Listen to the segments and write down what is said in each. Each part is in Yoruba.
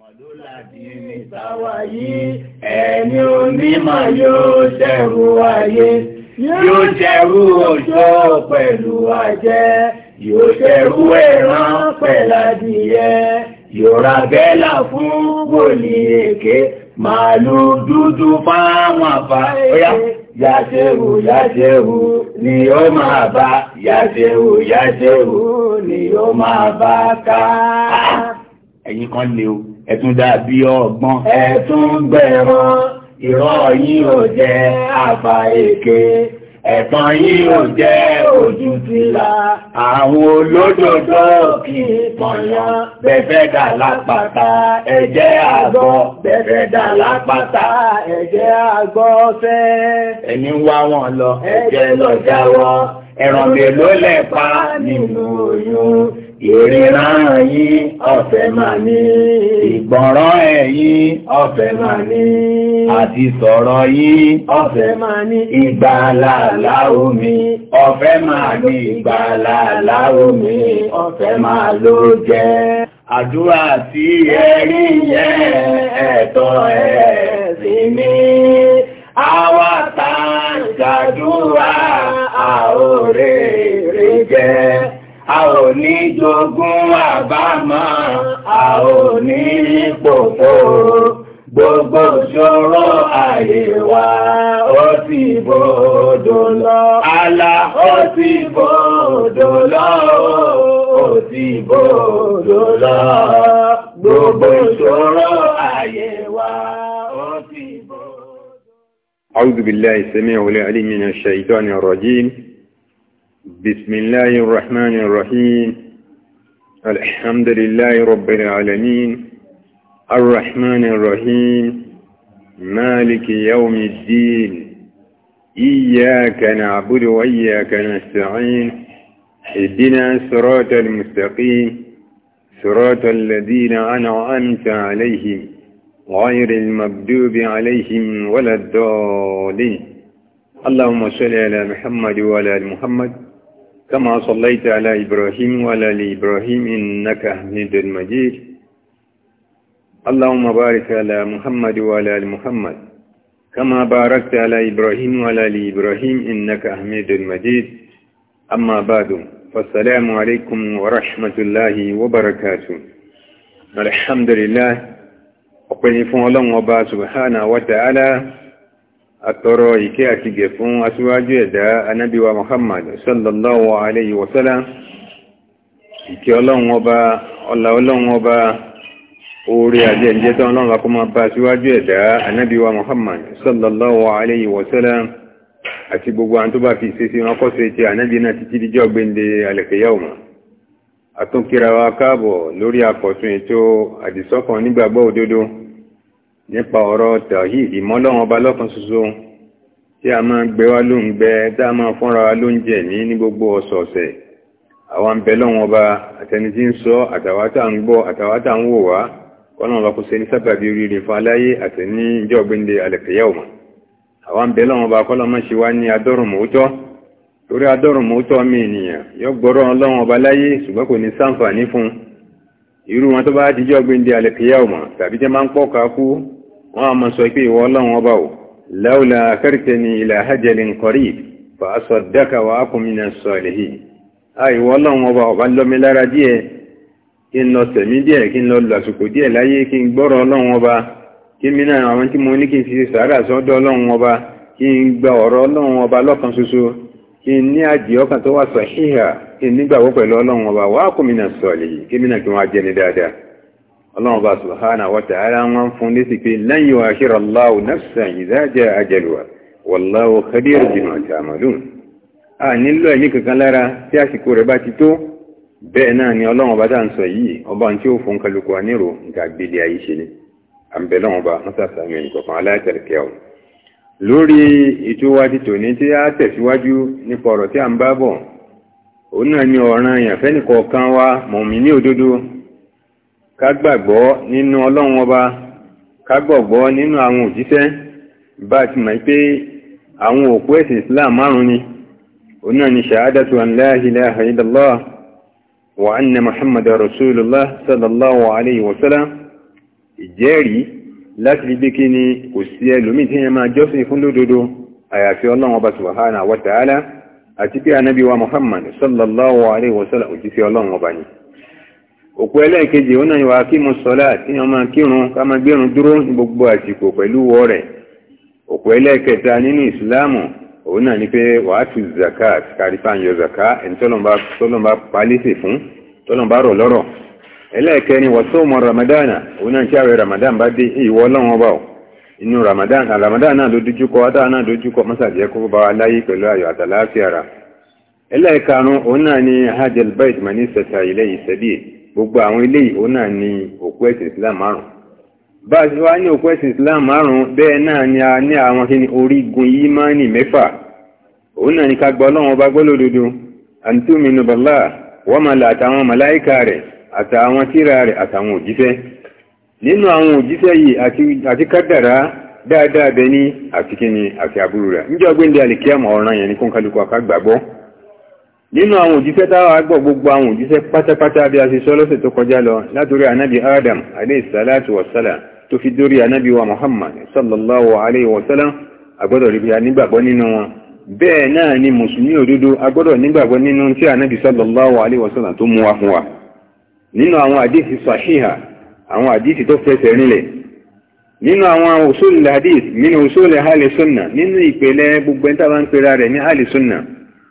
ẹni onímọ̀ yóò ṣẹ̀rù ayé yóò ṣẹ̀rù òjò pẹ̀lú ajẹ́ yóò ṣẹ̀rù ẹran pẹ̀ládìyẹ yóò ra bẹ́là fún wòlí èké màálù dúdú fáwọn àbá ọ̀yá yàṣẹ́wù yàṣẹ́wù ni ó máa bá yàṣẹ́wù yàṣẹ́wù ni ó máa bá ká ah, ẹ̀yin kan lè o ẹ̀tún dàbí ọgbọ́n ẹ̀tún gbẹ̀rán irọ́ yín ò jẹ́ àbá èké ẹ̀tàn yín ò jẹ́ ojú tìlà àwọn olódodo kì í pọ̀yán bẹ̀fẹ́ dà lápàtà ẹ̀jẹ̀ àgbọ̀ bẹ̀fẹ́ dà lápàtà ẹ̀jẹ̀ àgbọ̀ fẹ́ ẹni wá wọn lọ ẹ̀jẹ̀ lọ jáwọ́ ẹran mélòó lẹ pa nínú oyún ìríran yín ọ̀fẹ́ máa ní ìgbọ̀nràn ẹ̀yin ọ̀fẹ́ máa ní àti sọ̀rọ̀ yín ọ̀fẹ́ máa ní ìgbàlàlà omi ọ̀fẹ́ máa ní ìgbàlàlà omi ọ̀fẹ́ máa ló jẹ́ àdúrà tí ẹ̀rí yẹn ẹ̀tọ́ ẹ̀ sí ní àwátá ń ṣàdúrà a ò rèrè jẹ́ a ò ní jogún àbámọ̀ a ò ní pòfo gbogbo ṣòro ayé wa ó ti bòdò lọ àlà ó ti bòdò lọ ó ti bòdò lọ gbogbo ṣòro ayé wa. أعوذ بالله السميع العليم من الشيطان الرجيم بسم الله الرحمن الرحيم الحمد لله رب العالمين الرحمن الرحيم مالك يوم الدين إياك نعبد وإياك نستعين اهدنا صراط المستقيم صراط الذين أنعمت عليهم غير المبدوب عليهم ولا الضالين اللهم صل على محمد وعلى آل محمد كما صليت على إبراهيم وعلى آل إبراهيم إنك حميد مجيد اللهم بارك على محمد وعلى آل محمد كما باركت على إبراهيم وعلى آل إبراهيم إنك حميد مجيد أما بعد فالسلام عليكم ورحمة الله وبركاته الحمد لله ọpẹ́ ni fún ọlọ́run ọba subhana wa ta'ala àtọrọ ìkẹ́ àti gẹ̀ fún aṣíwájú ẹ̀dá anábíwa muhammad sallallahu alayhi wa sallam ìkẹ́ ọlọ́run ọba ọlá ọlọ́run ọba orí àjẹ́jẹ́ tán ọlọ́run akọ́mọ bá aṣíwájú ẹ̀dá anábíwa muhammad sallallahu alayhi wa sallam àti gbogbo àwọn tó bá fi ṣe sí wọn kọ́sẹ̀ ti ànábì náà títí díjọ́ gbéǹde alẹ́kẹ̀yàwó àtúnkíra káàbọ̀ lórí àkọ̀tún ètò àdìsọ́kàn nígbàgbọ́ òdodo nípa ọ̀rọ̀ tàhí ìmọ́lọ́wọ́n ọba lọ́kan ṣoṣo tí a máa gbé wá ló ń gbẹ tá a máa fúnra wa ló ń jẹ ní ní gbogbo ọ̀sọ̀ọ̀sẹ̀ àwọn bẹ lọ́wọ́n ọba àtẹni tí ń sọ àtàwátà ń gbọ́ àtàwátà ń wò wá kọ́lọ́wọ́n ọba kò ṣe ní sábàbí oríire fún aláyé àtẹni ìjọ gbéńde alẹ́kẹ̀yà ọ̀mọ̀ àwọn bẹ irú wọn tó bá dijọ́ gbéńde alẹ́kẹ̀yà ọ̀mọ̀ tàbí jẹ́ máa ń pọ̀ kákú wọ́n a máa sọ pé ìwọ ọlọ́run ọba ò láwùlà akẹ́rìtẹ̀ni ilà hajjalin qarib fa asaddaka wa akun minas salihin a ìwọ ọlọ́run ọba ọba lọ́mi lára díẹ̀ kí n lọ tẹ̀mí díẹ̀ kí n lọ lọ àsìkò díẹ̀ láyé kí n gbọ́rọ̀ ọlọ́run ọba kí mi náà àwọn tí mo ní kí n fi sàárà sọ́dọ̀ ọlọ́run ọba kí n gba ọ̀rọ̀ ọlọ́run ọba lọ́kan ṣoṣo kí n ní àjẹ́ ọkàn tó wà sọ kí n nígbàgbọ́ pẹ̀lú ọlọ́run ọba wa akun minas salihin kí mi náà kí wọ́n á jẹni dáadáa ọlọ́run bá subhanahu wa ta'ala wọn fún lé sí pé lan yu'akhkhira Allahu nafsan idha ja'a ajaluha wallahu khabirun bima ta'malun a nílò ẹ̀mí kankan lára tí àsìkò rẹ̀ bá ti tó bẹ́ẹ̀ náà ni ọlọ́run bá dáa ń sọ yìí ọba tí ó fún kálukú wa nírò nǹkan ni ti tòní tí ká gbàgbọ́ nínú ọlọ́run ọba ká gbàgbọ́ nínú àwọn òjíṣẹ́ bá ti mọ̀ pé àwọn òpó ẹ̀sìn islam márùn ni òun náà ni ṣàádàtù an la ilaha illallah wa anna muhammadar rasulullah sallallahu alayhi wa sallam ìjẹ́rìí láti fi gbé kí ni kò sí ẹlòmí tí yẹn máa jọ́sìn fún lódodo àyàfi ọlọ́run ọba subhanahu wa òpó ẹlẹ́ẹ̀kejì ó náà ìwà kí mo sọ́lá tí wọ́n máa kírun ká máa gbérun dúró ní gbogbo àsìkò pẹ̀lú wọ́ rẹ̀ òpó ẹlẹ́ẹ̀kẹta nínú ìsìláàmù òun náà ni pé wàá tu zakat kárípà yọ zaka ẹni tọ́lọ́mbà pálísì fún tọ́lọ́mbà rọ̀ lọ́rọ̀ ẹlẹ́ẹ̀kẹrin wọ́n sọ́ọ̀mù ramadana òun náà kí àwẹ̀ ramadan bá dé ìwọ ọlọ́run ọba ò inú ramadan ramadan náà ló dojúkọ adá náà dojúkọ mọ́sàdìyẹ kó bá wa láyé pẹ̀lú ayọ̀ àtàlàáfíà ra ẹlẹ́ẹ̀karùn òun náà ni hajj albayt mani sẹta ilẹ̀ ìsẹ́bíyè gbogbo àwọn eléyìí o náà ni òkú ẹ̀sìn islam márùn bá a ti wá ní òkú ẹ̀sìn islam márùn bẹ́ẹ̀ náà ni a ní àwọn kí ni orígun yìí mẹ́fà òun náà ni ká gbọ́ ọlọ́run ọba gbọ́ lódodo àǹtí òmìnira bàbá wọ́n máa là àtàwọn màláìka rẹ̀ àtàwọn tíra rẹ̀ àtàwọn òjíṣẹ́ nínú àwọn òjíṣẹ́ yìí àti kádàrá dáadáa bẹ ní àti àti àbúrò rẹ̀ níjọ́ gbé nínú àwọn òjíṣẹ́ táwà gbọ́ gbogbo àwọn òjíṣẹ́ pátápátá bí a ṣe sọ lọ́sẹ̀ tó kọjá lọ látorí ànábì adam aléìsàlátù wàsálà tó fi dórí ànábì wa muhammad sallallahu alayhi wasálà agbọ́dọ̀ rí bí a nígbàgbọ́ nínú wọn bẹ́ẹ̀ náà ni mùsùlùmí òdodo agbọ́dọ̀ nígbàgbọ́ nínú tí ànábì sallallahu alayhi wasálà tó mú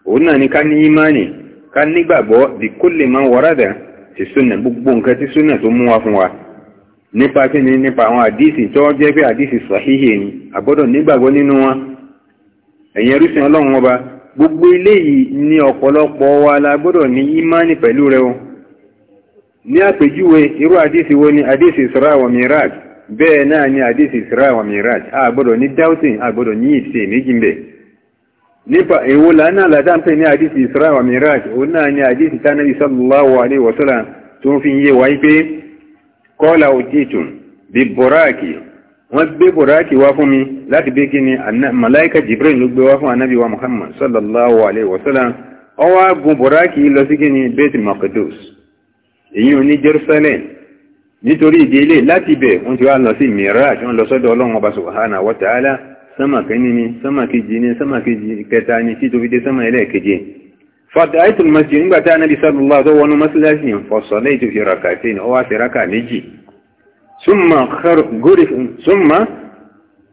òun náà ni ká ní ìmánì ká nígbàgbọ́ di kó lè máa súnà gbogbo nǹkan tí súnà tó mú wa fún wa nípa kí ni nípa àwọn àdíìsì tó jẹ́ pé ni àgbọ́dọ̀ nígbàgbọ́ nínú wọn ẹ̀yin ẹrúsìn ọlọ́run ọba gbogbo eléyìí ni ọ̀pọ̀lọpọ̀ wa la gbọ́dọ̀ ní ìmánì pẹ̀lú rẹ o ní àpèjúwe irú ni àdíìsì Isra wa Miraj bẹ́ẹ̀ náà ni adisi Isra wa a ní doubting ní ìsè nípa èwo lánàá látàntẹ́ ní àdísì Isra wa Miraj òun náà ni àdísì tánàbí sallallahu alaihi wasallam tó fi yé wáyé pé kọ́lá òtítùn bí bọ̀ráàkì wọ́n gbé bọ̀ráàkì wá fún mi láti bí kí ni malaika Jibril ló gbé wá fún anábí wa Muhammad sallallahu alaihi wasallam ó wá gun bọ̀ráàkì lọ sí kí ni Bait Maqdus èyí ò ní Jerusalem nítorí ìdílé láti bẹ̀ wọ́n ti wá lọ sí Miraj wọ́n lọ sọ́dọ̀ Ọlọ́run ọba subhanahu wa sánmà kẹ́ni ni sánmà kejì ni sánmà kejì kẹta ni tí tó fi dé sánmà ẹlẹ́ẹ̀keje fàtà àìtù masjid nígbà tí anábi sábàlá tó wọnú masláṣì ń fọ́sọ̀ lẹ́yìn tó fi raka sí ni ó wá sí raka méjì súnmà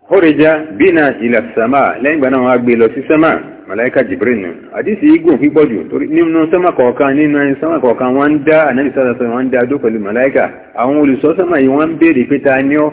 hórejà bínà ilẹ̀ sàmà lẹ́yìn gbaná wọn gbé lọ sí sánmà malaika jibril ni àdísì igun pípọ̀ jù torí nínú sánmà kọ̀ọ̀kan nínú ẹni kọ̀ọ̀kan wọ́n dá anábi sábàlá wọ́n dá dó pẹ̀lú malaika àwọn olùsọ́sánmà yìí wọ́n béèrè pé ta ni ó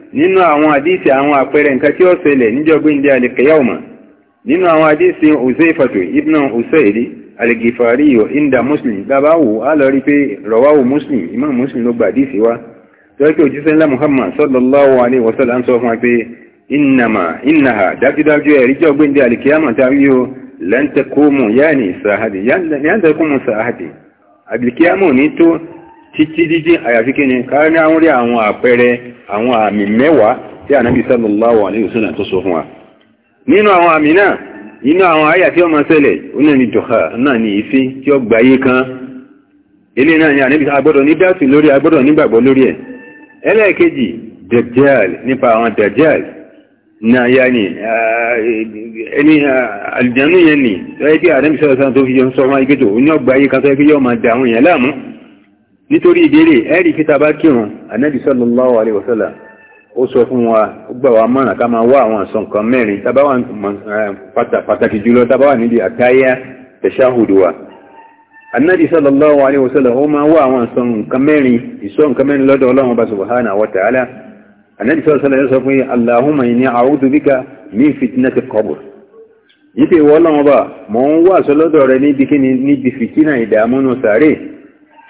nínú àwọn àdísì àwọn àpẹẹrẹ nǹkan tí ó ṣẹlẹ̀ níjọ́gbé ndí alìkẹyàwòmà nínú àwọn àdísì òsèfàtò ibn òsèèdè alìgìfàrí ìndà muslim dábáwò alọ́rí pé rọwáwò muslim imam muslim ló gba àdísì wá tọ́kí òjíṣẹ́ ńlá muhammad sallallahu alaihi wasallam sọ fún wa pé innama innaha dájúdájú ẹ̀rí jọ́gbé ndí alìkẹyàwòmà tàbí o lẹ́ntẹ̀kùmù yáà ní títí dídí àyàfi kí ni káà ní àwọn rí àwọn àpẹẹrẹ àwọn àmì mẹ́wàá tí ànábì sallallahu alaihi wasallam tó sọ fún wa nínú àwọn àmì náà nínú àwọn àyà tí ó máa ṣẹlẹ̀ náà ni dọ̀ha náà ni ìfí tí ó gbáyé kan ilé náà ni ànábì agbọ́dọ̀ ní dáàtì lórí agbọ́dọ̀ nígbàgbọ́ lórí ẹ̀ ẹlẹ́ẹ̀kejì dajjal nípa àwọn dajjal náà yá ni eh, ẹni eh, àlìjánú yẹn ni tó yẹ kí ànábì sallallahu alaihi wasallam tó fi yọ sọ wọn igbétò ó kan tó nítorí ìbéèrè ẹ̀rí kíta bá kírun ànábì sallallahu alaihi wasallam ó sọ fún wa ó gbà wá mọ́ràn ká máa wá àwọn àṣọ nǹkan mẹ́rin tábáwà pàtàkì jùlọ tábáwà níbi àtáyá tẹ̀ṣáhùdù wa ànábì sallallahu alaihi wasallam ó máa wá àwọn àṣọ nǹkan mẹ́rin ìṣọ́ nǹkan mẹ́rin lọ́dọ̀ ọlọ́run bá subhanahu wa ta'ala ànábì sallallahu alaihi wasallam sọ fún allahumma inni a'udhu bika min fitnatil qabr yípe ìwọ ọlọ́run bá mọ̀ ń wá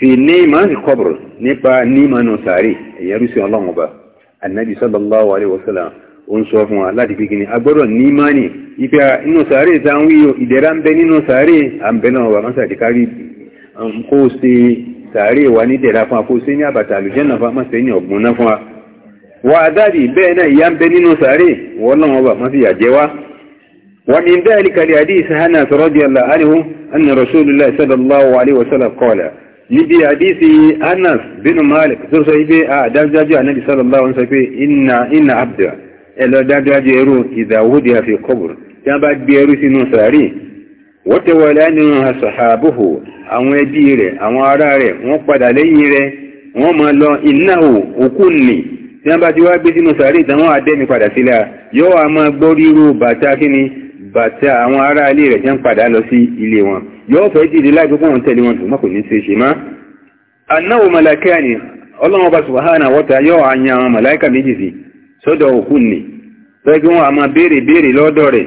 fi níma kọbùrù nípa níma nù sàárè èyàn rúsí ọlọ́run ọba annabi sallallahu alaihi wasallam ó ń sọ fún wa láti fi gini agbọ́dọ̀ níma ní ipe inú sàárè ta ń wíyọ ìdẹ̀ra ń bẹ nínú sàárè à ń bẹ náà wà mọ́sà ti kárí kó ṣe sàárè wa ní dẹ̀ra fún wa kó ṣe ní àbàtà àlùjẹ́nà fún wa mọ́sà ní ọ̀gbun náà fún wa wà á dáàbì bẹ́ẹ̀ náà ìyá ń bẹ nínú sàárè wọ́n náà wà mọ́sà yà jẹ́ wa ومن ذلك لحديث هنس رضي الله عنه أن رسول الله صلى الله عليه وسلم قال níbi àdísí anas bínú malik tó sọ ibé a ah, dájájú ànábi sallallahu alaihi wasallam pé inna inna abda ẹlọ dájájú ẹrù ìdáwódí àfi kọbùr tí a bá gbé ẹrù sínú sàárì wọ́tẹ̀wọ̀lẹ́ nínú àṣàbòhò àwọn ẹbí rẹ̀ àwọn ará rẹ̀ wọ́n padà lẹ́yìn rẹ̀ wọ́n máa lọ innahu ukunni tí a bàtà àwọn ará ilé rẹ̀ jẹ́ ń padà lọ sí ilé wọn yóò fẹ́ dìde láìpẹ́ fún wọn tẹ̀lé wọn ṣùgbọ́n kò ní ṣe ṣe má. anáwó màláíkà ni ọlọ́run ọba subhanahu wa ta'ala yóò àyàn àwọn màláíkà méjì sí sọ́dọ̀ òkú ni bẹ́ẹ̀ kí wọ́n a máa béèrè béèrè lọ́dọ̀ rẹ̀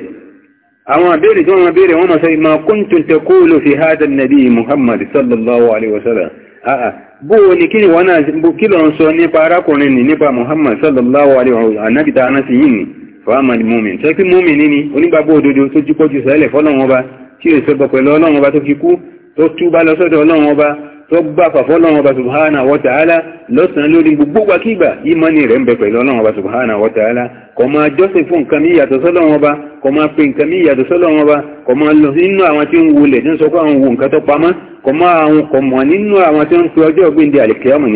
àwọn àbẹ́rẹ̀ tí wọ́n máa béèrè wọ́n máa sọ ma kuntum taqulu fi hadha an-nabi muhammad sallallahu alaihi wasallam àà bó ní kí ni wọ́n náà kí lọ sọ nípa arákùnrin ní nípa muhammad sallallahu alaihi wasallam anábìta anáṣì yìí ni fọ́ọ̀mà ni mọ́mìn tó pé mọ́mìn níní onígbàgbọ́ òdodo tó jí pọ́jú sẹ́lẹ̀ fọ́lọ́run ọba tí ó sọ pẹ̀lú ọlọ́run ọba tó fi kú tó túbá lọ sọ́dọ̀ ọlọ́run ọba tó gbà fàfọ́lọ́run subhana wa ta'ala lọ́sàn lórí gbogbo gbàkígbà ìmánì rẹ̀ ń bẹ pẹ̀lú ọlọ́run subhana wa ta'ala kò máa jọ́sìn fún nǹkan mí yàtọ̀ sọ́lọ́run ọba kò máa pe nǹkan mí yàtọ̀ sọ́lọ́run ọba kò máa lọ nínú àwọn tí ń wulẹ̀ tí ń sọ pé àwọn wo nǹkan tó pamọ́ kò máa àwọn kò mọ̀ nínú àwọn tí ń pe ọjọ́ ògbéǹde àlèkè ọmọ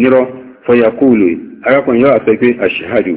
nírọ́ fọyàkúùlù arákùnrin yóò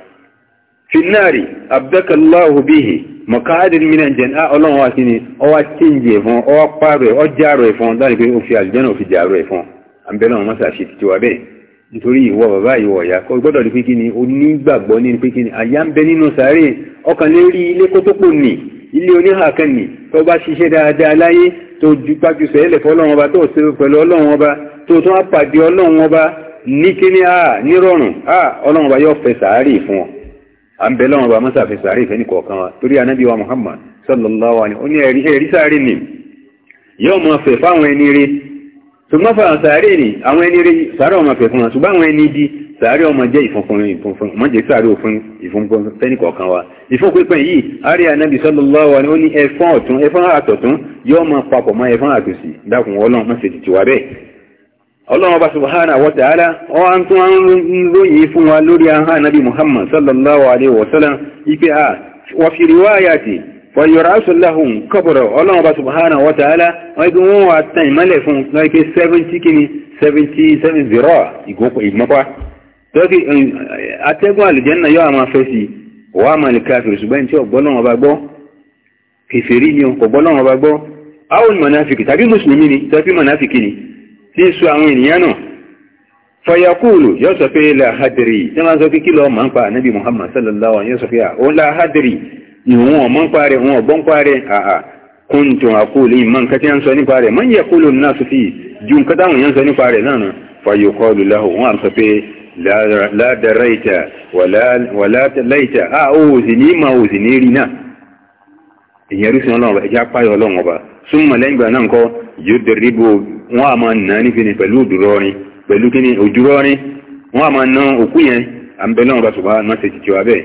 fi náàrí abdẹ́kàláhù bíhì mọ̀káàdìn mìíràn jẹ́ ọlọ́run wá sí ni ọwá tíǹjì ẹ̀fọn ọwá pààrọ̀ ọjàrọ̀ ẹ̀fọn dáni pé ó fi àlùjẹ́nà òfin jàrọ̀ ẹ̀fọn àbẹ́lọ́run mọ́sà ṣe ti wà bẹ́ẹ̀ nítorí ìwọ bàbá ìwọ ọ̀yà kọ́ gbọ́dọ̀ ní pé kí ni onígbàgbọ́ ní pé kí ni àyà ń bẹ nínú sàárè ọkàn lè rí ilé kótópò nì ilé oníhàkan nì tó bá ṣiṣẹ́ dáadáa láyé tó ju pájú sẹ́lẹ̀ fọlọ́run ọba tó ṣe pẹ̀lú ọlọ́run ọba tó tún á pàdé ọlọ́run ọba ní kíní à nírọ̀rùn à ọlọ́run ọba yóò fẹ́ sàárè fún ọ à ń bẹ lọ́wọ́n bá mọ́sàfẹ́ sàárè ìfẹ́ wa torí anabi wa Muhammad sallallahu alaihi wa ni yóò mọ fẹ̀ fáwọn ẹni rí ṣùgbọ́n fà sàárè ni àwọn ẹni rí sàárè ọmọ fẹ̀ fún wa ṣùgbọ́n àwọn ẹni di sàárè ọmọ jẹ́ ìfúnfúnrin ìfúnfún ọmọ jẹ́ sàárè òfin ìfúnfún wa yìí sallallahu alaihi wa ní yóò mọ papọ̀ àtòsí dákun tìtìwá ọlọ́run ọba subhanahu wa ta'ala wọ́n an tún wọ́n lóyìn fún wa lórí ahá nabi muhammad sallallahu alaihi wasallam ipe a wa fi riwayati wa yurasu lahum qabru ọlọ́run ọba subhanahu wa ta'ala wọ́n ibi wọ́n wà tán ìmọ́lẹ̀ fún lọ́ike 70 kini 77 zero ìgbọ́pá tọ́kì atẹ́gùn àlùjẹ́nà yóò àmà fẹ́ sí wà máa lè káfìrì ṣùgbọ́n tí ọgbọ́lọ́run ọba gbọ́ kèfèrí ni ọgbọ́lọ́run tàbí mùsùlùmí ni tàbí mọ̀náfìkì ni tí sọ àwọn ènìyàn náà fayakulu yóò sọ pé lahadiri tí wọ́n sọ pé kí lọ mọ̀ ń pa ànábì muhammad sallallahu alayhi wa sallam ah, òun lahadiri ìwọ̀n ọ̀mọ́ ń parẹ́ òun ọ̀gbọ́n ń parẹ́ àhà kúntùn àkúlù ìmọ̀ nǹkan tí wọ́n sọ nípa rẹ̀ mọ́ ń yẹ kúlù náà sọ fi ju nǹkan táwọn èèyàn sọ nípa rẹ̀ náà fayakulu lahu wọn sọ pé ládàráìtà wàláìtà a ó sì ní ma ó ní rí náà ìyẹn rí sí ọlọ́run ẹja páyọ wọ́n á nà á nífi ni pẹ̀lú òdúrọ́rin pẹ̀lú kí ni òdúrọ́rin wọ́n á máa ná òkú yẹn à ń bẹ náà bá ṣùgbọ́n náà ṣe ti tiwa bẹ́ẹ̀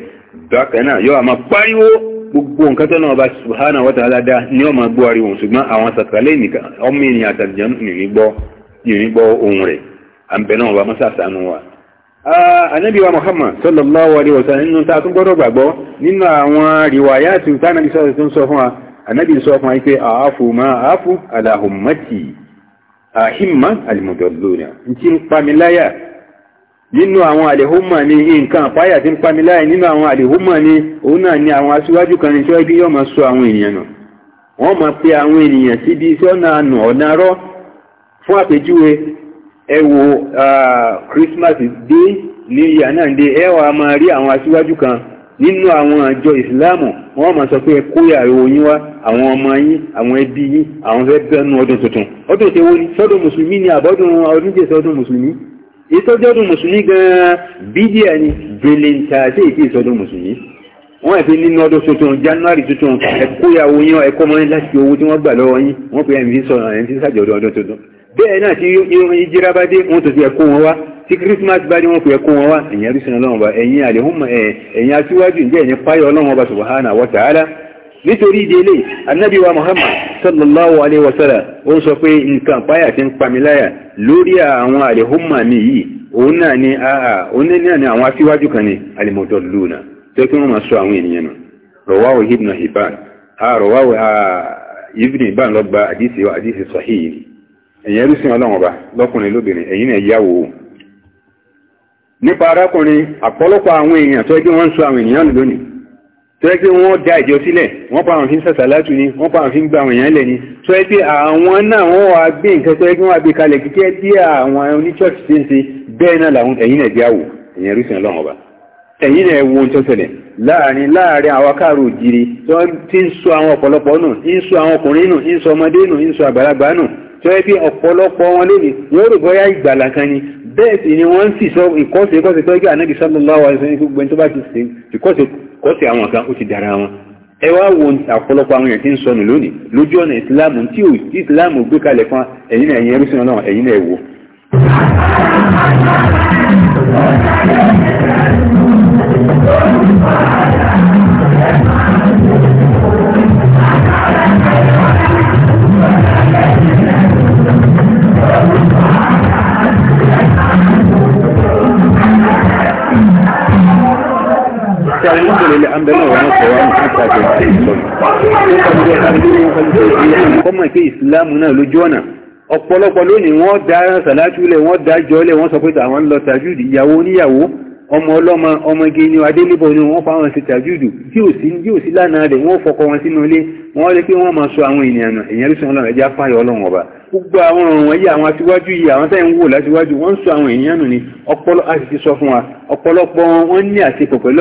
bákan náà yóò máa pariwo gbogbo nǹkan tó náà bá subhana wa ta'ala dá ní ọmọ gbọ́ ariwo ṣùgbọ́n àwọn sàtàlẹ́ nìkan ọmọ ènìyàn àtàlẹ́ gbọ́ ohun rẹ̀ muhammad sallallahu alaihi wasallam nínú ta tún gbọ́dọ̀ gbàgbọ́ nínú àwọn riwayatu tánàbí sọ́rọ̀ tún sọ fún wa anabi sọ fún wa pé àáfù àhímà àlìmọ̀dọ̀lónà tí ń pamiláyà nínú àwọn àlèhómà ní nǹkan àpáyà tí ń pamiláyà nínú àwọn àlèhómà ní òun náà ni àwọn aṣíwájú kan ní tí wọ́n gbé yọ́ ma sọ àwọn ènìyàn nù wọ́n ma pe àwọn ènìyàn síbi sọ́nà ànà ọ̀nà rọ́ fún àpèjúwe ẹ ah, Christmas day ní ìyà náà dé ẹ wàá rí àwọn kan nínú àwọn àjọ ìsìláàmù wọ́n máa sọ pé ẹ kó ìyàwó yín wá àwọn ọmọ yín àwọn ẹbí yín àwọn fẹ́ bẹ́nu ọdún tuntun ọdún tí wọ́n ní sọ́dún mùsùlùmí ni àbọ́dún ọdún jẹ́ sọ́dún mùsùlùmí ìtọ́jú ọdún mùsùlùmí gan-an bídíà ni bèlèǹtà sí èdè ìsọdún mùsùlùmí wọ́n ẹ̀fẹ́ nínú ọdún tuntun january tuntun ẹ kó ìyàwó yín ẹ̀kọ́ mọ́ láti owó tí wọ́n gbà lọ́wọ́ yín wọ́n pe ẹ̀mí sọ̀rọ̀ ẹ̀mí sájọ̀dún ọdún tuntun bẹ́ẹ̀ náà tí irun ìjíra bá dé wọ́n tó fi ẹ̀kọ́ wọn wá tí Christmas bá dé wọ́n fi ẹ̀kọ́ wọn wá ẹ̀yìn àrísìn ọlọ́run ọba ẹ̀yìn àlehùnmọ̀ ẹ̀yìn aṣíwájú ǹjẹ́ ẹ̀yìn páyọ̀ ọlọ́run ọba subahana wa ta'ala nítorí ìdílé anábì wa Muhammad sallallahu alayhi wa sallam ó sọ pé nǹkan páyà ti ń pamiláyà lórí àwọn àlehùnmọ̀ mi yìí òun náà ni òun náà ni àwọn aṣíwájú kan ni alimọ̀dọ̀ luna tó ẹ̀yẹ́ rúsìn ọlọ́run ọba lọ́kùnrin lóbìnrin ẹ̀yin náà yáwó nípa arákùnrin àpọ́lọpọ̀ àwọn èèyàn tó ẹgbẹ́ wọ́n ń sọ àwọn ènìyàn lónìí tó ẹgbẹ́ wọ́n dá ìjọ sílẹ̀ wọ́n pa àwọn fi ń sàṣà látù ni wọ́n pa àwọn fi ń gba àwọn èèyàn lẹ̀ ni tó ẹgbẹ́ àwọn náà wọ́n wá gbé nǹkan tó ẹgbẹ́ wọ́n gbé kalẹ̀ kíkẹ́ bí àwọn oníṣọ́ọ̀ṣì ṣe ń ṣe bẹ́ẹ̀ náà làwọn ẹ̀yin náà jáwò ẹ̀yin rúsìn ọlọ́run ọba ẹ̀yin náà wo ohun tó ṣẹlẹ̀ láàrin láàrin àwọn akáàrò òjìrì tó ti ń sọ àwọn ọ̀pọ̀lọpọ̀ nù tó ẹbí ọ̀pọ̀lọpọ̀ wọn lè ní wọ́n rò bọ́yá ìgbàlà kan ni bẹ́ẹ̀ sì ni wọ́n ń sì sọ ìkọ́sẹ̀ ìkọ́sẹ̀ tó ẹgbẹ́ ànábì sallallahu alaihi wasallam gbogbo ẹni tó bá ti sè ìkọ́sẹ̀ kọ́sẹ̀ àwọn kan ó ti dára wọn ẹ wá wo àpọ̀lọpọ̀ àwọn èèyàn tí ń sọnù lónìí lójú ọ̀nà ìsìláàmù tí ò tí ìsìláàmù gbé kalẹ̀ fún ẹ̀yin ẹ̀yin ẹrú sínú náà ẹ̀yin àti àwọn ìṣẹ̀lẹ̀ ilẹ̀ àmbẹ̀ náà wọ́n sọ̀rọ̀ àwọn ìṣẹ̀lẹ̀ àti ìṣẹ̀lẹ̀ kọ́mọ ìké ìsìlámù náà lójú ọ̀nà ọ̀pọ̀lọpọ̀ lónìí wọ́n dá sàlátúlẹ̀ wọ́n dá jọlẹ̀ wọ́n sọ pé àwọn lọ tàjú ìyàwó níyàwó ọmọ ọlọ́mọ ọmọge ni adélébọ̀ ni wọ́n fáwọn ṣe tàjúdù tí ò sí tí ò sí lánàá rẹ̀ wọ́n fọkọ wọn sínú ilé wọ́n rí pé wọ́n máa sọ àwọn ènìyàn nù èèyàn lóṣù ọlọ́run ẹja fáyọ ọlọ́run ọba gbogbo àwọn ọ̀ràn wọ̀nyí àwọn aṣíwájú yìí àwọn táyà ń wò láṣíwájú wọ́n ń sọ àwọn èèyàn ni ọpọlọ a sì ti sọ fún wa ọ̀pọ̀lọpọ̀ wọn ní àṣepọ̀ pẹ̀lú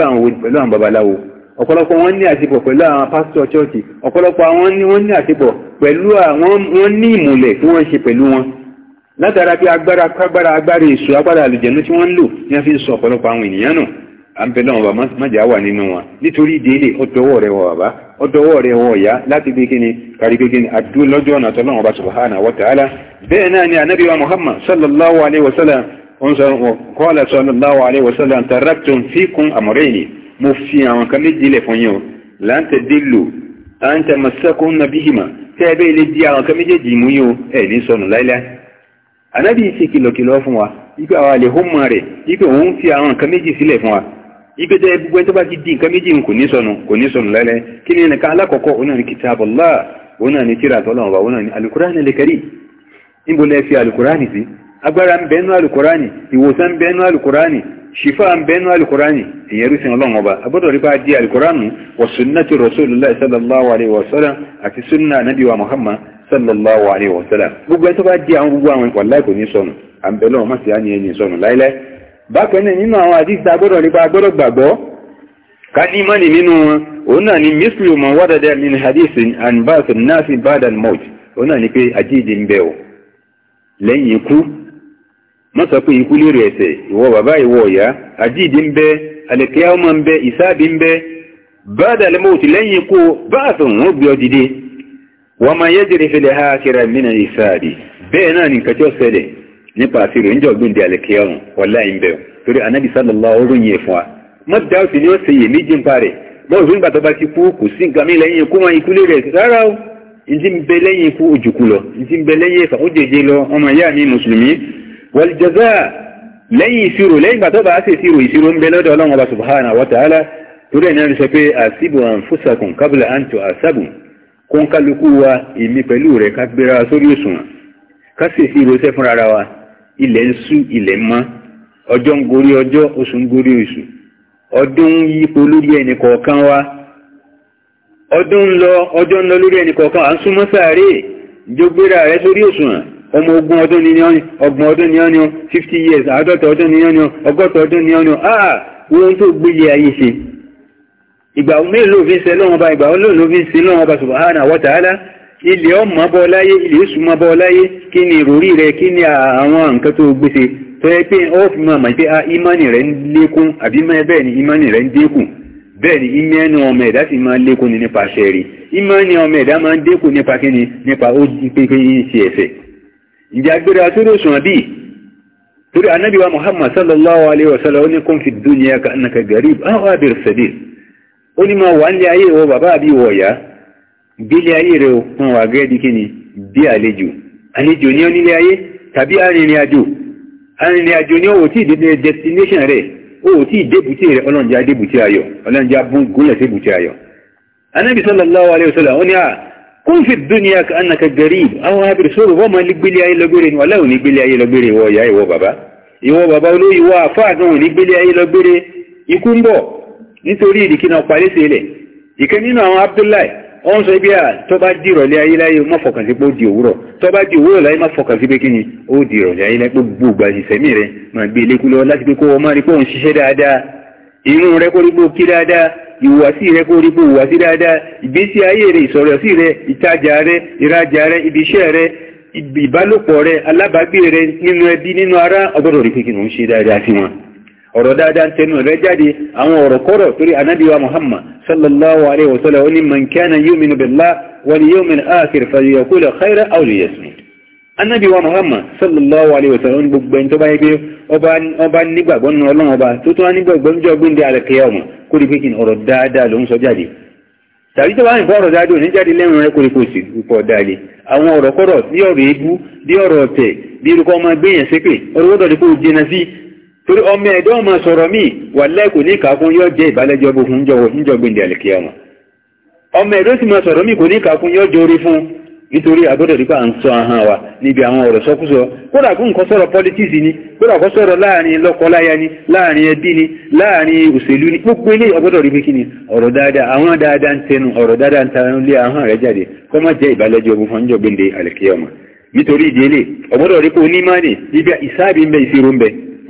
àwọn babaláwo ọ̀pọ̀lọpọ̀ wọn ní àṣepọ̀ pẹ̀lú àwọn pásítọ̀ ṣọ́ọ̀ṣì ọ̀pọ̀lọpọ̀ wọn ní àṣepọ̀ pẹ̀lú àwọn wọn ní ìmùlẹ̀ tí wọ́n ń ṣe pẹ̀lú wọn látara pé agbára kágbára agbára èso agbára àlùjẹ̀nú tí wọ́n ń lò ní a fi ń sọ ọ̀pọ̀lọpọ̀ àwọn ènìyàn náà àbẹ̀lẹ̀ ọ̀bà májà wà nínú wa nítorí ìdílé ọdọwọ́ rẹ̀ wọ bàbá ọdọwọ́ rẹ̀ wọ ìyá láti bí kíni kárí pé kíni àdú lọ́jọ́ ọ̀nà tọ́lọ́wọ́ bá Muhammad sallallahu alaihi wasallam qala sallallahu alaihi wasallam taraktum fikum amrayni mo fi àwọn kan méjì lẹ̀ fún yín lan tadillu an tamassakun bihima tẹ́ẹ̀bẹ́ ilé di àwọn kan méjèèjì mú ànábì ṣe kìlọ̀kìlọ̀ fún wa ipe àwọn àlè hómọ rẹ̀ ipe òun fi àwọn nǹkan méjì sílẹ̀ fún wa ipe jẹ́ gbogbo ẹni tó bá ti di nǹkan méjì kò ní sọnù kò ní sọnù lẹ́lẹ́ kí ni ẹnìkan alákọ̀ọ́kọ́ òun náà ní kitabullah òun náà ní tíra tọ́lọ̀ wa òun náà ní alukurani lẹ́kẹ̀rí níbo lẹ́ fi alukurani sí agbára ń bẹ́nu alukurani ìwòsàn ń bẹ́nu alukurani ṣìfà ọlọ́run ọba agbọ́dọ̀ rí bá di alukurani wà sunnati rasulillah sallallahu àti sunna nabi muhammad sallallahu alayhi wa sallam gbogbo ẹni tó bá di àwọn gbogbo àwọn ìpàdé láìpò ní sọnù àǹbẹ̀lọ́ ọmọ sì á ẹni sọnù láíláí bákan nínú àwọn àdíṣà gbọ́dọ̀ nípa gbọ́dọ̀ gbàgbọ́ ká ní wọn òun náà ni min hadith and nasi wọ́n máa yẹ́jìrì fi lè ha kìrà mìíràn ìsáàdì bẹ́ẹ̀ náà ní kàjọ́ sẹ́lẹ̀ nípa àfihàn ìjọ gbìndì àlẹ́kẹ́ ọ̀run wọ́lá ìbẹ̀ torí anábì sálọ́lá orú yẹn fún wa mọ́ dáwọ́sì ni ó ṣe yè méjì ń parẹ̀ bọ́ọ̀ fún bàtà bá ti kú kò sí nǹkan mi lẹ́yìn ikú wọn ikú lè rẹ̀ rárá o ìdí ń bẹ lẹ́yìn ikú òjòkú lọ ìdí ń bẹ lẹ́yìn ìfàkójèjì lọ ọmọ ìyá mi mùsùlùmí wàlìjọ́sà lẹ́yìn ìṣirò lẹ́yìn bàtà bá ṣe ìṣirò ìṣirò ń bẹ lọ́dọ̀ ọlọ́run ọba subhanahu wa torí ẹ̀ náà ń sọ pé àṣìbò àǹfùsàkùn kábùlà àǹtò àṣàbùn kó ń kálukú wa èmi pẹ̀lú rẹ̀ ká gbéra sórí òṣùwọ̀n ká sì fi ìrọsẹ́ fúnra ra wa ilẹ̀ ń sú ilẹ̀ mọ́ ọjọ́ ń gorí ọjọ́ oṣù ń gorí oṣù ọdún ń yípo lórí ẹnì kọ̀ọ̀kan wa ọdún ń lọ ọjọ́ ń lọ lórí ẹnì kọ̀ọ̀kan à ń súnmọ́ sáré jó gbéra ni ọgbọ̀n ọdún years àádọ́ta ọdún ni ni ah tó gbélé ayé ìgbà mélòó fi ń ṣe lọ́wọ́ bá ìgbà olóòlò fi ń ṣe lọ́wọ́ bá subhanahu wa ta'ala ilẹ̀ ọmọ bọ́ láyé ilẹ̀ ìsúnmọ́ bọ́ láyé kí ni ìròrí rẹ kí ni àwọn nǹkan tó gbèsè tó yẹ pé ó fi máa mọ̀ pé a ah, ìmánì rẹ̀ ń lékún àbí bẹ́ẹ̀ ni ìmánì rẹ̀ ń dínkù bẹ́ẹ̀ ni ìmánì ọmọ ẹ̀dá sì máa lékún ni nípa ṣẹ́ rí ìmánì ọmọ ẹ̀dá máa ó ní mọ wà nílé ayé ìwọ bàbá àbí ìwọ ìyá gbélé ayé rẹ òkun wà gẹ́gẹ́ bí kíni bí àlejò àlejò ní onílé ayé tàbí arìnrìn àjò arìnrìn àjò ní òwò tí ìdílé destination rẹ òwò tí ìdébùtì rẹ ọlọ́njẹ́ adébùtì ayọ̀ ọlọ́njẹ́ abúngúnlẹ̀ débùtì ayọ̀ anábì sallallahu alaihi wasallam ó ní à kún fi dúnìyà ka annaka garib àwọn abìrì sọ̀rọ̀ wọ́n máa ní gbélé ayé lọ́gbére nítorí ìdíkínà parí sí ilẹ̀ ìkẹ́ nínú àwọn Abdullahi wọ́n sọ ibi à tó bá di ìrọ̀lẹ́ ayéláyé má fọkàn sí pé ó di òwúrọ̀ tó bá di òwúrọ̀ láyé má pé kí ó di ìrọ̀lẹ́ ayéláyé gbogbo ìgbà rẹ̀ máa gbé ilé láti pé kó o máa rí pé òun ṣiṣẹ́ dáadáa irun rẹ̀ kó rí pé ó kí dáadáa ìhùwàsí rẹ̀ kó rí pé ìhùwàsí dáadáa ìgbésí ayé rẹ̀ ìsọ̀rọ̀sí rẹ̀ ìtajà rẹ̀ ìrajà rẹ̀ ibiṣẹ́ rẹ̀ ìbálòpọ̀ rẹ̀ alábàágbé rẹ̀ nínú ẹbí nínú ará ọgbọ́dọ̀ rí pé kí ni ó ń ṣe dáadáa sí wọn ọ̀rọ̀ dáadáa tẹnu rẹ̀ jáde àwọn ọ̀rọ̀ kọ́rọ̀ torí anábíwa muhammad sallallahu alaihi wasallam wani man kana yuminu billah wani yawmin akhir falyakula khayra aw liyasmut anábíwa muhammad sallallahu alaihi wasallam gbogbo ẹni tó bá yẹ pé ọba nígbàgbọ́ nínú ọlọ́run ọba tó tún wá nígbàgbọ́ níjọ́ gbóǹde alẹ́kẹ́yàmù kó rí pé kí ọ̀rọ̀ dáadáa ló ń sọ jáde tàbí tó bá ń bọ́ ọ̀rọ̀ dáadáa ní jáde lẹ́nu rẹ̀ torí ọmọ ẹ̀dọ́ ọmọ sọ̀rọ̀ míì wà lẹ́kù ní kàkún yóò jẹ́ ìbálẹ́jọ́ gbogbo ìjọgbìn ìdẹ̀lẹ̀kì ọmọ ọmọ ẹ̀dọ́ sì máa sọ̀rọ̀ míì kò ní kàkún yóò jórí fún nítorí àgbọ́dọ̀ nípa ń sọ ahọ́n wa níbi àwọn ọ̀rọ̀ sọkúsọ kódà kún nǹkan sọ̀rọ̀ pọ́lítíìsì ni kódà kó sọ̀rọ̀ láàrin lọ́kọláya ni láàrin ẹbí ni láàrin òṣèlú ni gbogbo ilé àgbọ́dọ̀ rí kíni ọ̀rọ̀ dáadáa àwọn dáadáa ń tẹnu ọ̀rọ̀ dáadáa ń tẹnu lé ahọ́n rẹ̀ jáde kó má jẹ́ ìbálẹ́jọ́ ogun fún ọjọ́ gbéǹde àlẹ́kẹ́yọmọ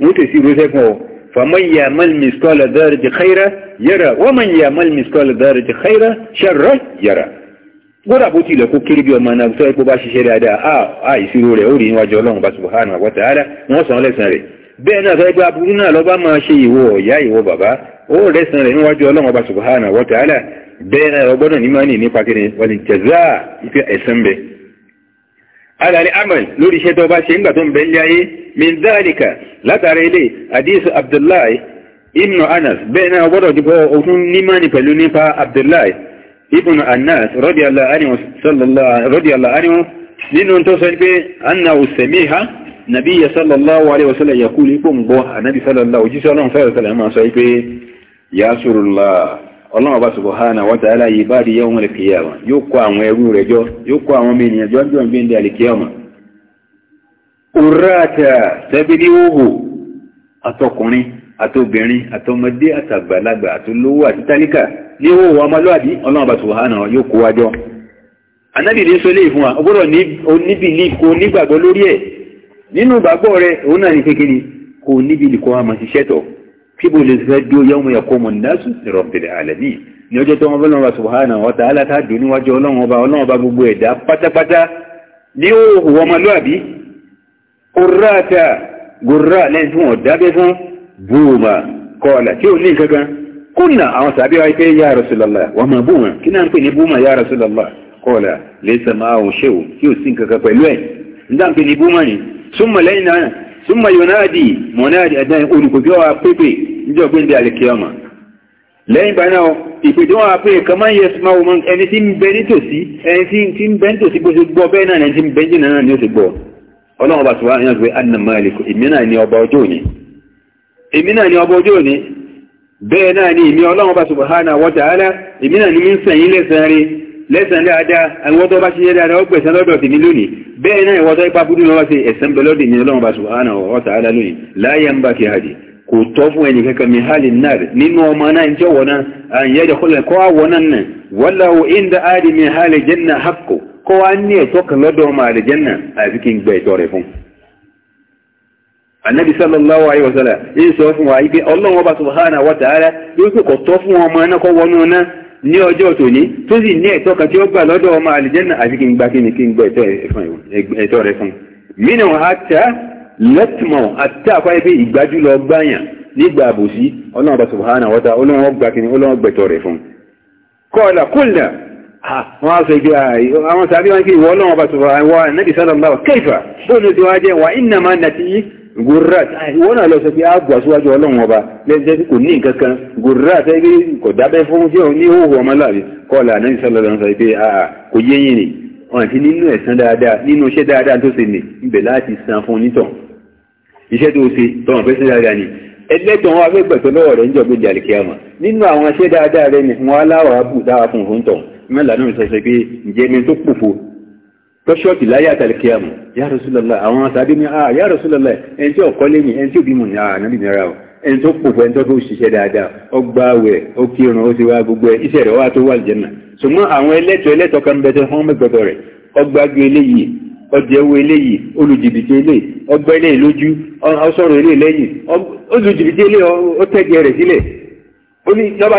wọ́n tẹ̀ sí ìrọ́sẹ́ fún ọ fàmọ́ ìyá mẹ́lìmí skọ́lá dára ti xẹ́ra yẹra wọ́n mọ̀ ìyá mẹ́lìmí skọ́lá dára ti xẹ́ra ṣẹ́ra yẹra gbọ́dọ̀ bó tilẹ̀ kó kéré bí ọmọ náà tó ẹ̀kọ́ bá ṣiṣẹ́ dáadáa a ìṣirò rẹ̀ ó rí níwájú ọlọ́run bá subhanahu wa ta'ala wọ́n sàn lẹ́sàn rẹ̀ bẹ́ẹ̀ náà fẹ́ aburú náà lọ́ba máa ṣe ìwọ ọ̀yá ìwọ bàbá ó lẹ́sàn rẹ̀ níwájú ọlọ́run bá subhanahu wa ta'ala bẹ́ẹ̀ bẹ́ẹ̀ alàlẹ́ amal lórí iṣẹ́ tó bá ṣe ńgbà tó ń bẹ ilé ayé min dhalika látara ilé àdísù abdullahi ibn anas bẹ́ẹ̀ náà gbọ́dọ̀ jùpọ̀ òtún nímánì pẹ̀lú nípa abdullahi ibn anas radiyallahu anhu nínú tó sọ pé anna usamiha nabiyya sallallahu alaihi wasallam yaqulu ipò ń gbọ́ ànábì sallallahu ojísọ́lọ́n fẹ́ ya rasulullah ọlọ́run bá subhanahu wa ta'ala yìí bá rí yawm al-qiyama yóò kó àwọn ẹrú rẹ̀ jọ yóò kó àwọn mẹ́niyàn jọ jọ gbé ní al-qiyama òrátà tẹ́bídíwòhò àtọkùnrin àtobìnrin àtọmọdé àtàgbàlagbà àtolówó àti tálíkà ní òhò ọmọlúwàbí ọlọ́run bá subhanahu yóò kó wájọ́ anábì ní sọ léè fún wa ọgbọ́dọ̀ níbìlì kò nígbàgbọ́ kíbo lè fẹ́ dó yọ́mù yaqumu nnasu li rabbil alamin ní ọjọ́ tó wọn bọ́ lọ́wọ́ subhanahu wa ta'ala tá dùn níwájú ọlọ́run ọba ọlọ́run ọba gbogbo ẹ̀dá pátápátá ní òhù ọmọlúàbí kúrráàtà gòrá lẹ́yìn tí wọ́n dábẹ́ fún bùùmà kọ́ọ̀là tí ò ní kankan kúnnà àwọn sàbí wa pé ya Rasulullah wọ́n máa bùùmà kí náà súnmọ̀ yonadi mọ̀nadi àdáyé olùkòjọ́ wa pépè níjọ́ gbẹ́ndẹ̀ alẹ́kẹ́ọ̀mà lẹ́yìn bá náà ìpè tí wọ́n pè kọ máa yẹ small woman ẹni tí ń bẹ nítòsí ẹni tí ń bẹ nítòsí bó ṣe gbọ́ bẹ́ẹ̀ náà ẹni tí ń bẹ jìnà náà ni ó ṣe gbọ́ ọlọ́run bá ṣùgbọ́n àwọn ni ọba ọjọ́ ni ọba ọjọ́ òní bẹ́ẹ̀ náà ni ni mí lẹ́sàn dáadáa àwọn tó bá ṣe dáadáa ó gbẹ̀san lọ́dọ̀ tèmi lónìí bẹ́ẹ̀ náà ìwọ́n tó ipa búrú lọ́wọ́ sí ẹ̀sẹ̀ ń bẹ lọ́dọ̀ ìyẹn lọ́wọ́ bá subhanahu wa ta'ala lónìí láyé ń bá kí hàdì kò tọ́ fún ẹni annabi sallallahu alaihi wasallam ń sọ fún wa ibi ọlọ́run ọba subhanahu wa ta'ala yóò kò tọ́ fún ọmọ náà kọ́ wọnú náà ní ọjọ́ tòní tó sì ní ẹ̀tọ́ kan tí ó gbà lọ́dọ̀ ọmọ àlìjẹ́nà àti kí n gbá kí ni kí n gbọ́ ẹ̀tọ́ rẹ̀ fún mínà àtà lẹ́tìmọ̀ àti àpáyé pé ìgbájú lọ gbáyàn nígbà àbòsí ọlọ́run bá subhanahu wa ta'ala ọlọ́run gbà kí ni ọlọ́run gbẹ̀tọ́ rẹ̀ fún kọ́ọ̀lá kúlà wọ́n á sọ ìgbé àwọn sàbí wọn kí ìwọ ọlọ́run bá subhanahu wa ta'ala nẹ́bí gurrat wọn náà lọ sọ pé àgbò aṣíwájú ọlọ́run ọba lẹ́jẹ́ tí kò ní nǹkan kan gurrat ẹgbẹ́ kò dábẹ́ fún tí òun ní òhùn ọmọláàbí kọ́ọ̀lá anáyí sọ́lọ́lọ́ sọ pé àà ah, ah, kò yé yìí ni wọ́n ti nínú ẹ̀san dáadáa nínú iṣẹ́ dáadáa tó ṣe nì ibẹ̀ láti san fún nítàn iṣẹ́ tó ṣe tọ́wọ̀n fẹ́ dáadáa ni ẹgbẹ́tàn wọn fẹ́ gbẹ̀tọ́ lọ́wọ́ rẹ̀ ń jọ gbé jàlìkíyàmà nínú àwọn iṣẹ́ dáadáa rẹ̀ ni wọn aláwọ̀ abù dáwà fún fún tàn tọ́ṣọ́ọ̀tì láyé àtàlẹ́kẹ́ àmù ya Rasulullah àwọn àtàdé ní àà ya Rasulullah ẹni tí ọ̀kọ́ lé mi ẹni tí òbí mu ní ah, àà nábì nira o ẹni tó pòfò ẹni tó fi òṣìṣẹ́ dáadáa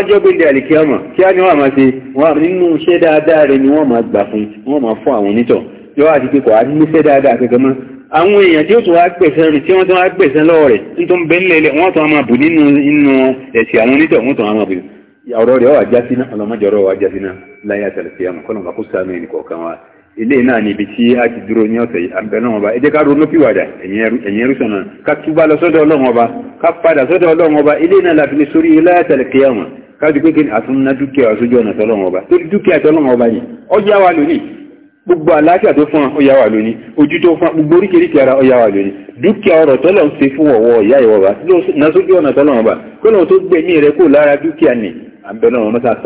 jẹ́ gbé dàlí kí kí á ní wọ́n máa ṣe wọ́n nínú iṣẹ́ dáadáa rẹ̀ ni wọ́n máa gbà fún wọ́n máa fún àwọn onítọ̀ yọ́ àti pé kò á níṣẹ́ dáadáa kankan mọ́ àwọn èèyàn tí ó tún wá gbẹ̀sẹ̀ rìn tí wọ́n tún wá gbẹ̀sẹ̀ lọ́wọ́ rẹ̀ tó ń bẹ nílẹ̀ wọ́n tún máa bù nínú inú ẹ̀sìn àwọn onítọ̀ wọ́n tún máa bù ọ̀rọ̀ rẹ̀ wà jásínà ọlọ́mọjọ́rọ̀ wà jásínà láyé àtàlẹ́sẹ̀ àmọ́ kọ́nà bá kó sáà mẹ́rin kọ̀ọ̀kan wa ilé náà níbi tí a ti dúró ní ọ̀sẹ̀ àbẹ̀lọ́wọ̀n ọba ẹ jẹ́ ká ronú pìwàdà ẹ̀yìn ẹrúsọ̀nà ká túbá lọ sọ́dọ̀ ọlọ́wọ̀n ọba ká padà sọ́dọ̀ ọlọ́wọ̀n ọba ilé náà láti lè sórí iláyàtàlẹ̀ kíyàmọ̀ ká di pé kí àtúnná dúkìá ọ̀sójú ọ̀nà tọ́lọ́wọ̀n ọba torí dúkìá tọ́lọ́wọ̀n ọba yìí ọjà wa lónìí gbogbo àlàáfíà tó fún ọ yáwà lónìí ojú tó fún gbogbo oríkèríkè ara ọ yáwà lónìí dúkìá ọrọ̀ tọ́lọ̀ ń ṣe fún ọwọ́ ìyá ìwọ̀ba lọ́sọ́jú ọ̀nà tọ́lọ̀ ọba kọ́lọ̀ tó gbẹ̀mí rẹ̀ kó lára dúkìá ni àbẹ̀lọ́run mọ́sà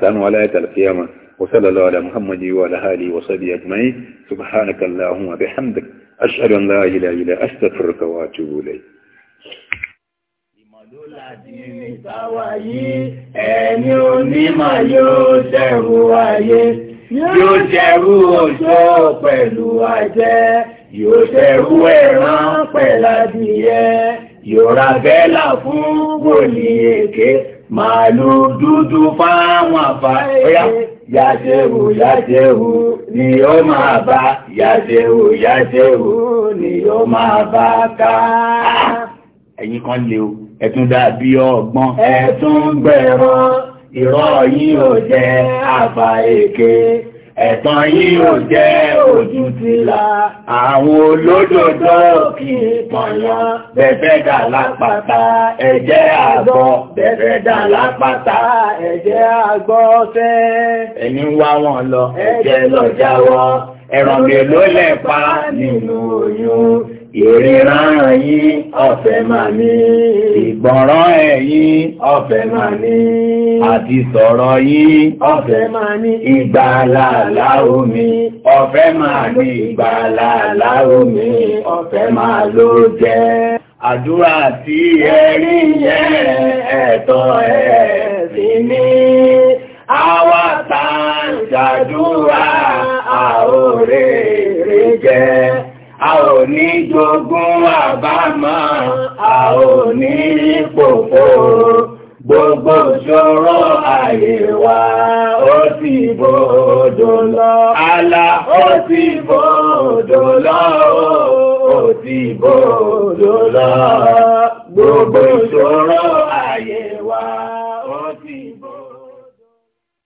sanu alẹ́ tàlàfíàmà وصلى الله على محمد وعلى آله وصحبه أجمعين سبحانك اللهم وبحمدك أشهد أن لا إله إلا أستغفرك وأتوب إليك yóò jẹrú òjò pẹ̀lú ajẹ́ yóò jẹrú ẹran pẹ̀lú adìyẹ yóò ra bẹ́là fún wòlíì èké màálù dúdú fáwọn àbá ọ̀yá yàjẹ̀wò yàjẹ̀wò ni ó máa bá yàjẹ̀wò yàjẹ̀wò ni ó máa bá ká. Ah, ẹ̀yin kan lè o ẹ̀tún dàbí ọgbọ́n ẹ̀tún gbẹ̀rọ irọ́ yìí ò jẹ́ àbá èké ẹ̀tàn yìí ò jẹ́ ojú tìlà àwọn olódodo kì í pọ̀nyán bẹ̀fẹ́ dà lápàtà ẹ̀jẹ̀ àgbọ̀ bẹ̀fẹ́ dà lápàtà ẹ̀jẹ̀ àgbọ̀ fẹ́. ẹni ń wá wọn lọ ẹ̀jẹ̀ lọ jáwọ́ ẹ̀ràn mélòó nínú oyún. Ìríran yín ọ̀fẹ́ máa ní. Ìgbọ̀nrán ẹ̀yin ọ̀fẹ́ máa ní. Àti sọ̀rọ̀ yín ọ̀fẹ́ máa ní. Ìgbàlàlà omi ọ̀fẹ́ máa ní. Ìgbàlàlà omi ọ̀fẹ́ máa ló jẹ́. Àdúrà tí ẹ rí yẹn ẹ̀tọ́ ẹ̀ sí ní. Àwa tá àórèrè jẹ́ a ò ní jogún àbámọ̀ a ò ní pòfò gbogbo ṣòro ayé wa ó ti bòdò lọ àlà ó ti bòdò lọ ó ti bòdò lọ gbogbo ṣòro ayé wa.